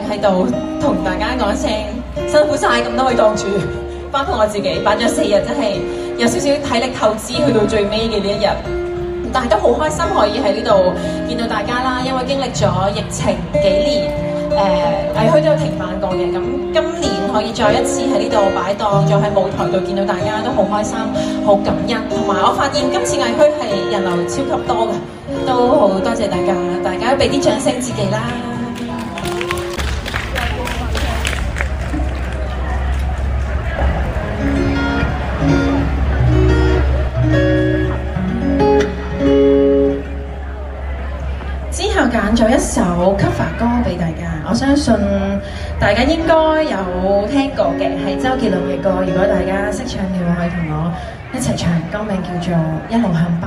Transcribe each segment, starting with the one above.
喺度同大家講聲辛苦晒咁多位檔主，包括我自己擺咗四日，真係有少少體力透支，去到最尾嘅呢一日。但係都好開心可以喺呢度見到大家啦，因為經歷咗疫情幾年，誒藝墟都有停辦過嘅。咁今年可以再一次喺呢度擺檔，再喺舞台度見到大家，都好開心，好感恩。同埋我發現今次藝墟係人流超級多嘅，都好多謝大家，大家俾啲掌聲自己啦。好 cover 歌俾大家，我相信大家應該有聽過嘅，係周杰倫嘅歌。如果大家識唱嘅話，可以同我一齊唱歌，歌名叫做《一路向北》。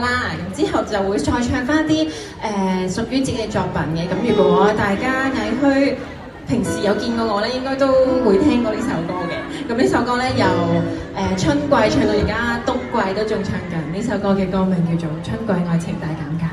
啦，咁之後就會再唱翻啲誒屬於自己嘅作品嘅。咁如果大家矮靴，平時有見過我咧，應該都會聽過呢首歌嘅。咁呢首歌咧由誒、呃、春季唱到而家冬季都仲唱緊。呢首歌嘅歌名叫做《春季愛情大減價》。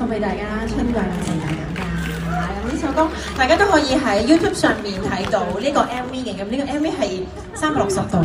送俾大家春春，春到萬事大吉啊！咁呢首歌，大家都可以喺 YouTube 上面睇到呢個 MV 嘅。咁呢個 MV 係三百六十度。